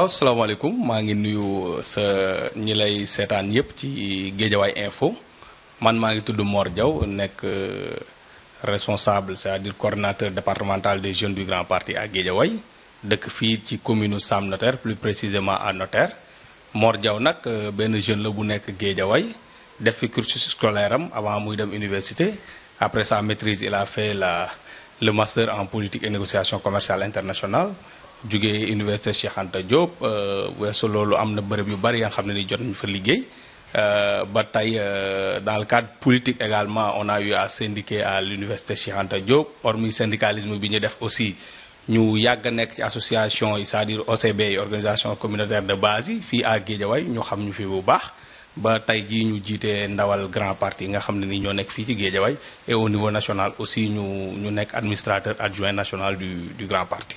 waaw salaamaaleykum maa ngi nuyu uh, sa ñi lay info man suis ngi uh, responsable c'est-à-dire coordinateur départemental des jeunes du Grand Parti à Géejawaay dëkk fii ci commune Sam Notaire plus précisément à Notaire Mor Diaw nag uh, benn jeune la bu nekk Géejawaay def fi cursus scolaire avant muy université après sa maîtrise il a fait le master en politique et négociation commerciale internationale jugee université Cheikh Anta Diop euh, weesu loolu am na bërëb yu bari yoo xam na ni jot ñu fa liggéey euh, ba tey euh, dans le cadre politique également on a eu à syndiquer à l'université Cheikh Anta Diop syndicalisme bi ñu def aussi ñu yàgg a nekk ci association yi c'est-à-dire OCB yi organisation communautaire de base yi fii à Guédiawaye ñu xam ñu fi bu baax ba tey jii ñu jiite ndawal grand parti nga xam ne ni ñoo nekk fii ci Guédiawaye et au niveau national aussi ñu ñu nekk administrateur adjoint national du du parti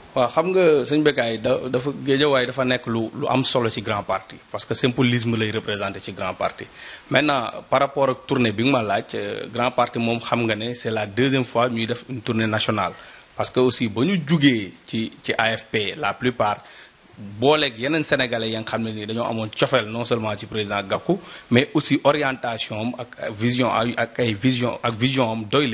waaw xam nga sëñ Bécaye da dafa Guédiawaye dafa nekk lu lu am solo ci grand parti parce que symbolisme lay représenté ci grand parti maintenant par rapport ak tournée bi nga ma laaj euh, grand parti moom xam nga ne c'est la deuxième fois ñuy def une tournée nationale parce que aussi ba ñu jugee ci ci AFP la plupart booleeg yenen sénégalais yi xamné ni dañu amone dañoo non seulement ci président Gakou mais aussi orientation ak vision ak ay vision ak vision am doy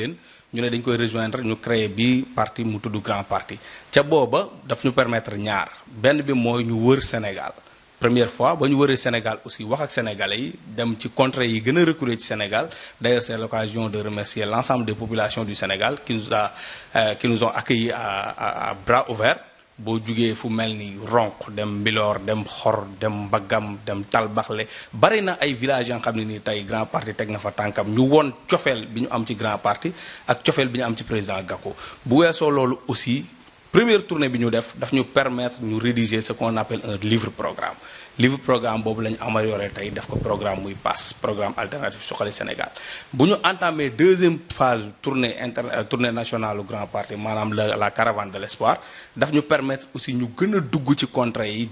ñu né dañ koy rejoindre ñu créer bi parti mu tudd grand parti ca boba daf ñu permettre ñaar benn bi moy ñu wër Sénégal première fois ba ñu Sénégal aussi wax ak sénégalais yi dem ci contrées yi gëna ci Sénégal d'ailleurs c'est l'occasion de remercier l'ensemble des populations du Sénégal qui nous a euh, qui nous ont accueillis à, à bras ouverts boo jugee fu mel ni ronq dem mbiloor dem xor dem mbaggam dem talbaxle bari na ay village yoo xam ne nii tey grand parti teg na fa tànkam ñu won cofeel bi ñu am ci grand parti ak cofeel bi ñu am ci président Gakou bu weesoo loolu aussi première tournée bi ñu def daf permettre rédiger ce qu'on appelle un livre programme livre programme boobu la amélioré programme muy passe programme alternatif le Sénégal bu entamer la deuxième phase tournée euh, tournée nationale grand parti Madame la caravane de l'espoir daf nous permettre aussi de nous dugg ci contrat yi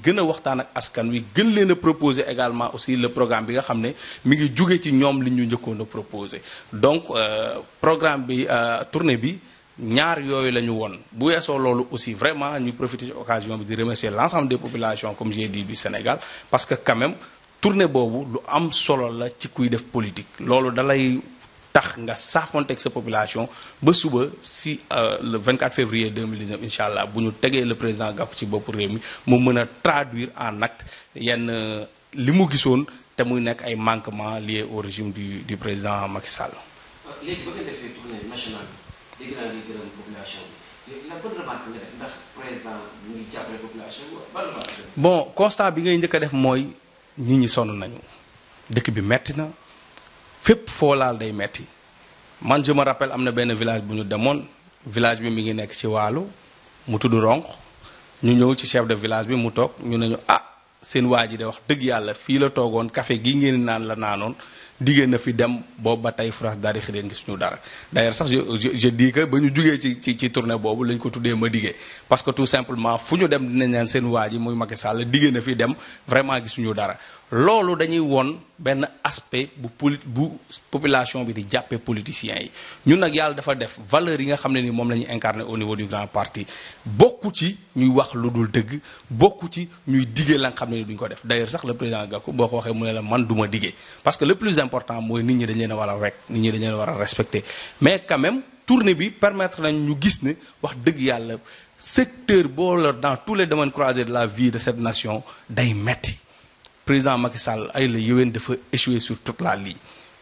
proposer également aussi le programme bi nous xam mi ngi ci donc euh, programme euh, tournée ñaar yooyu la ñu woon bu weesoo loolu aussi vraiment ñu profiter ci occasion bi di remercier l' ensemble des populations comme j'ai dit du Sénégal parce que quand même tournée boobu lu am solo la ci kuy def politique loolu dalay tax nga saafonteeg sa population ba suba si euh, le 24 février 2019 incha allah bu ñu tegee le président gàpp ci bopp réew mi mu mën traduire en acte yenn euh, li mu gisoon te muy nekk ay manquements liés au régime du du président Macky Sall. bon constat bi ngay njëkk a def mooy nit ñi sonn nañu dëkk bi metti na fépp foo laal day metti man je me am na benn village bu ñu demoon village bi mi ngi nekk ci waalu mu tudd Ronk ñu ñëw ci chef de village bi mu toog ñu ne ñu ah seen waa ji de wax dëgg yàlla fii la toogoon kafe gi ngeen naan la naanoon diggéen na fi dem boobu ba tey France di xireen gis ñu dara d'ailleurs sax je je dis que ba ñu jugee ci ci ci boobu lañ ko tuddee ma diggee parce que tout simplement fu ñu dem dina naan seen waa ji muy Macky Sall diggéen na fi dem vraiment gisuñu dara loolu dañuy woon benn aspect bu poli bu population bi di jàppee politiciens yi ñun nag yàlla dafa def valeur yi nga xam ne ni moom la ñu incarné au niveau du grand parti bokku ci ñuy wax lu dul dëgg bokku ci ñuy diggee la xam ne ni ko def d'ailleurs sax le président Gakou boo ko waxee mu ne la man du ma important moy nit ñi dañ leen a rek nit ñi dañ leen wara respecter mais quand même tournée bi permettre nañ ñu gis ne wax dëgg yàlla secteur boo la dans tous les domaines croisés de la vie de cette nation day metti président Macky Sall ay la yéwén dafa échoué sur toute la ligne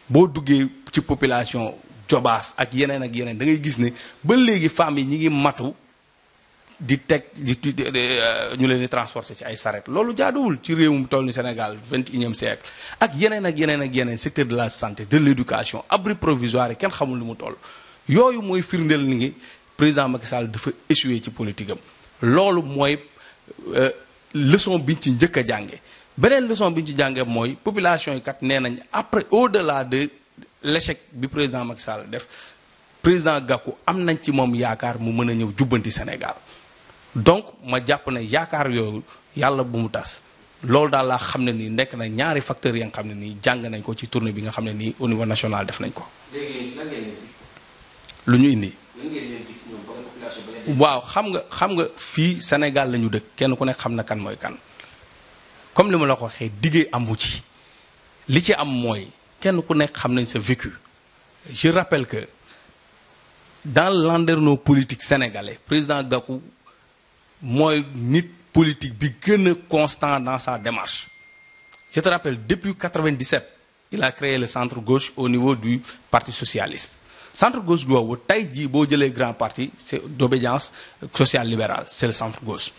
boo duggee ci population jobaas ak yeneen ak yeneen da ngay gis ne ba léegi femmes yi ñi ngi matu di teg di euh, ñu leen di transporter ci ay saret loolu jaaduwul ci réewum toll ni Sénégal vingt et unième siècle ak yeneen ak yeneen ak yeneen secteur de la santé de léducation éducation abri provisoire yi kenn xamul lu mu toll yooyu mooy firndeel ni ngi président Macky Sall dafa échoué ci politique loolu mooy euh, leçon biñ ci njëkk a jànge beneen leçon biñ ci jànge mooy population yi kat nee nañ après au delà de l' bi président Macky Sall def président Gakou am nañ ci moom yaakaar mu mën a ñëw jubbanti Sénégal donc ma jàpp na yaakaar yooyu yàlla bu mu tas loolu daal laa xam ne nii nekk na ñaari facteur yi nga xam ne nii jàng nañ ko ci tournée bi nga xam ne nii au niveau national def nañ ko. lu ñu indi. waaw xam nga xam nga fii Sénégal la ñu dëkk kenn ku nekk xam na kan mooy kan comme li ma la ko waxee diggee amu ci li ci am mooy kenn ku nekk xam nañ sa vécu je rappelle que dans l'anderneau politique sénégalais président Gakou moi, nit politique bi gëna constant dans sa démarche je te rappelle depuis 1997, il a créé le centre gauche au niveau du parti socialiste centre gauche doit être jii grand parti c'est d'obédience sociale libérale c'est le centre gauche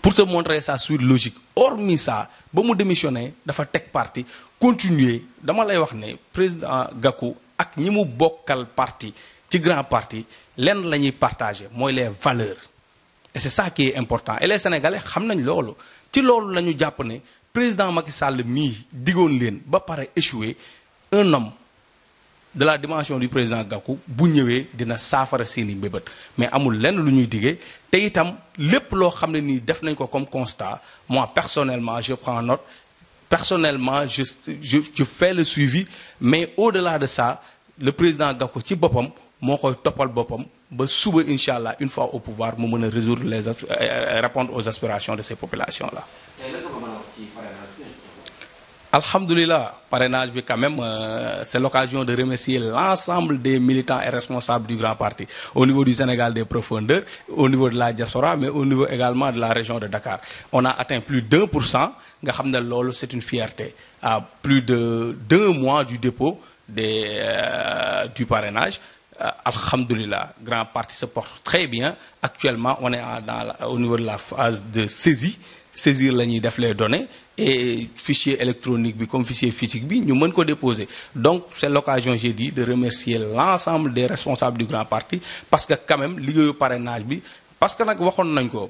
pour te montrer sa suite logique hormis ça ba démissionne, démissionné vais tech parti continuer dama lay wax le président Gakou ak le bokkal parti les grand parti l'un de partager, les valeurs et c'est ça qui est important et les sénégalais xam nañ loolu ci loolu président Macky Sall mii digoon leen ba échoué un homme de la dimension du président Gakou bu ñëwee dina saafara seeni mais amul nous lu ñuy diggé té itam lepp lo xamné ni def nañ ko comme constat moi personnellement je prends note personnellement je fais le suivi mais au-delà de ça le président Gakou ci bopam mo koy topal bopam ba une fois au pouvoir nous allons résoudre les euh, euh, répondre aux aspirations de ces populations là. le parrainage quand même euh, c'est l'occasion de remercier l'ensemble des militants et responsables du grand parti au niveau du Sénégal des profondeurs au niveau de la diaspora mais au niveau également de la région de Dakar on a atteint plus d'un pour cent c'est une fierté à plus de deux mois du dépôt du parrainage euh, alhamdulillah, grand parti se porte très bien. Actuellement, on est au niveau de la phase de saisie. Saisir les les données et fichier électronique comme fichier physique nous ñu déposer donc c'est l'occasion j'ai dit de remercier l'ensemble des responsables du grand parti parce que quand même liggéeyu parrainage parce que nag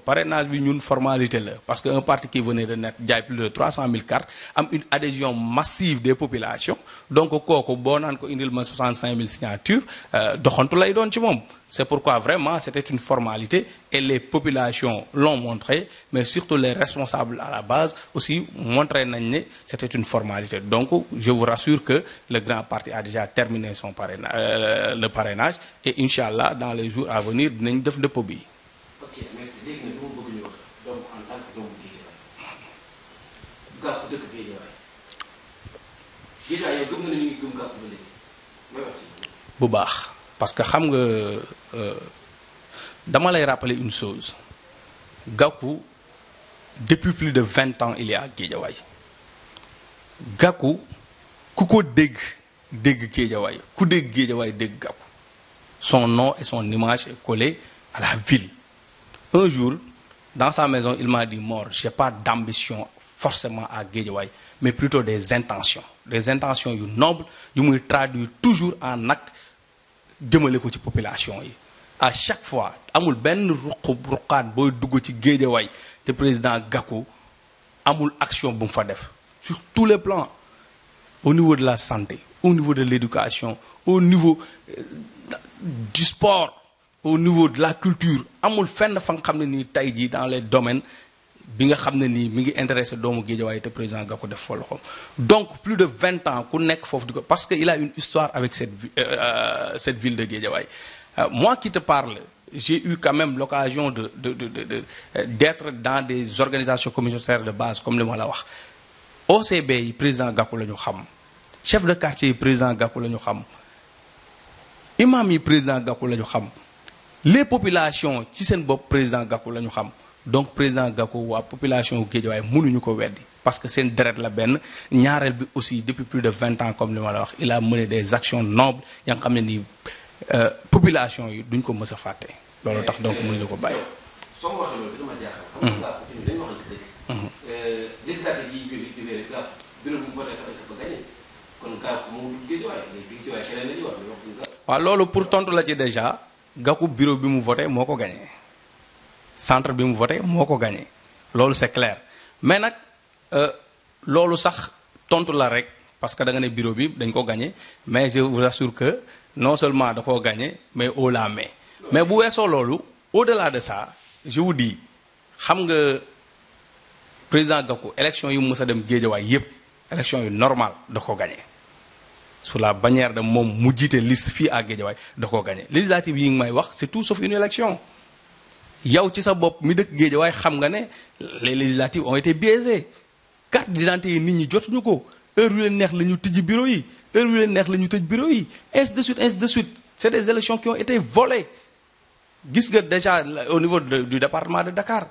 parrainage est une formalité parce qu'un parti qui venait de naître plus de 300 000 cartes a une adhésion massive des populations donc il y a 65 000 signatures euh, c'est pourquoi vraiment c'était une formalité et les populations l'ont montré mais surtout les responsables à la base aussi montré que c'était une formalité donc je vous rassure que le grand parti a déjà terminé son euh, le parrainage et Inch'Allah, dans les jours à venir nous def bu parce que xam nga euh, dama rappeler une chose Gaku, depuis plus de 20 ans il est à guedjaway Gaku, kuko deg, deg ku son nom et son image est collé à la ville un jour dans sa maison il m'a dit "Mort, j'ai pas d'ambition forcément à Guédiouaï, mais plutôt des intentions des intentions nobles yu muy traduire toujours en acte de ko population à chaque fois amul ben a ruqaat de ci président Gakou amul action bu sur tous les plans au niveau de la santé au niveau de l'éducation au niveau euh, du sport au niveau de la culture il fenn a dans les domaines bi nga xamné ni mi ngi intéressé doomu président Gakou def fo donc plus de 20 ans ku parce qu'il a une histoire avec cette euh, euh, ville de Guédiawaye euh, moi qui te parle j'ai eu quand même l'occasion de d'être dans des organisations communautaires de base comme le Malawa. wax OCB président Gakou la xam chef de quartier président Gakou la xam imam président Gakou la les populations ci sen président Gakou la donc président Gakou wa population Guédiawaye mënuñu ko wéddi parce que seen deret la ben ñaareel bi aussi depuis plus de 20 ans comme li la wax il a mené des actions nobles ya nga xamné ni euh population yi duñ ko mës faté fàtte tax donc mënuñu ko bàyyi. soo ma waxee loolu dama jaaxal. Hum. xam nga Gakou tamit dañu wax dëgg. législative yi ñu jógee rek Gakou bureau bu mu voté sax dafa gagné kon Gakou moo dugg Guédiawaye léegi Guédiawaye keneen la ñuy wax mais waxuñu Gakou. waaw loolu pour tontu la ci déjà Gakou bureau bi mu voté moko ko gagné centre bi mu voté moo ko gagné Lolo c'est clair mais euh lolou sax tontu la rek parce que da nga né bureau bi dañ ko gagné mais je vous assure que non seulement da koo gagné mais au la main mais bu weesoo lolou au-delà de ça je vous dis xam nga président Gakou élection yu mës a dem Géejawaay yépp élection yu normal da ko gagné sous la bannière de mom mu jité liste fi à Géejawaay da ko gagné législative yi ngi may wax c'est tout sauf une élection yow ci sa bop mi way xam nga ne les législatives ont été biaisées carte d'identité yi nit ñi jotuñu ko heure yu leen neex lañu ñu bureau yi heure yu leen neex lañu tejj bureau yi ainsi de suite ainsi de suite c'est des élections qui ont été volées gis nga déjà au niveau du département de Dakar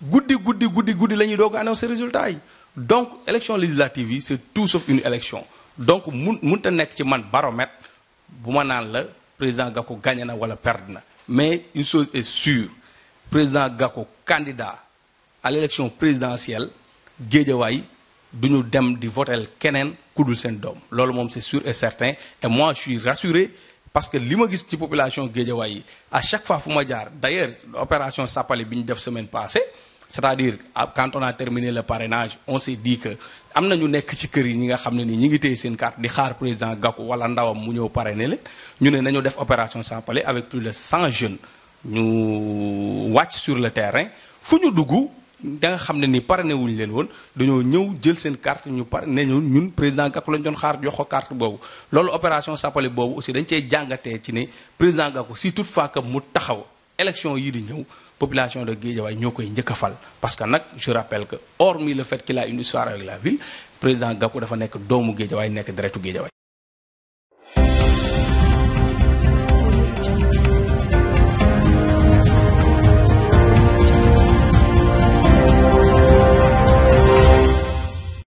Goudi, Goudi, Goudi, Goudi, lañu ñuy doog a résultats. résultat yi donc élection législative c'est tout sauf une élection donc mun ta nekk ci man baromètre buma ma naan la président Gakou gagné na wala perdre na mais une chose est sûre président Gakou candidat à l'élection présidentielle Guédiawaye nous dem di voter kenen, ku dul seen c'est sûr et certain et moi je suis rassuré parce que li gis ci population Guédiawaye à chaque fois fu ma d'ailleurs l'opération Sapalé, la semaine passée c'est-à-dire ah, quand on a terminé le parrainage on s'est dit que am na ñu nekk ci kër yi ñi nga xam ni ñi ngi téye carte di xaar président Gakou wala ndawam mu ñëw parrainer leen ñu ne nañu def opération avec plus de 100 jeunes nous watch sur le terrain fu ñu dugg da nga ne ni wuñ leen woon dañoo ñëw jël carte ñu par ne ñun président lañ doon xaar carte opération aussi dañ ci président Gakou si toutefois que mu taxaw élection di population de Guédiawaye ñoo koy fal. parce que je rappelle que hormis le fait qu'il a une histoire avec la ville président Gakou dafa nekk doomu Guédiawaye nekk deretu Guédiawaye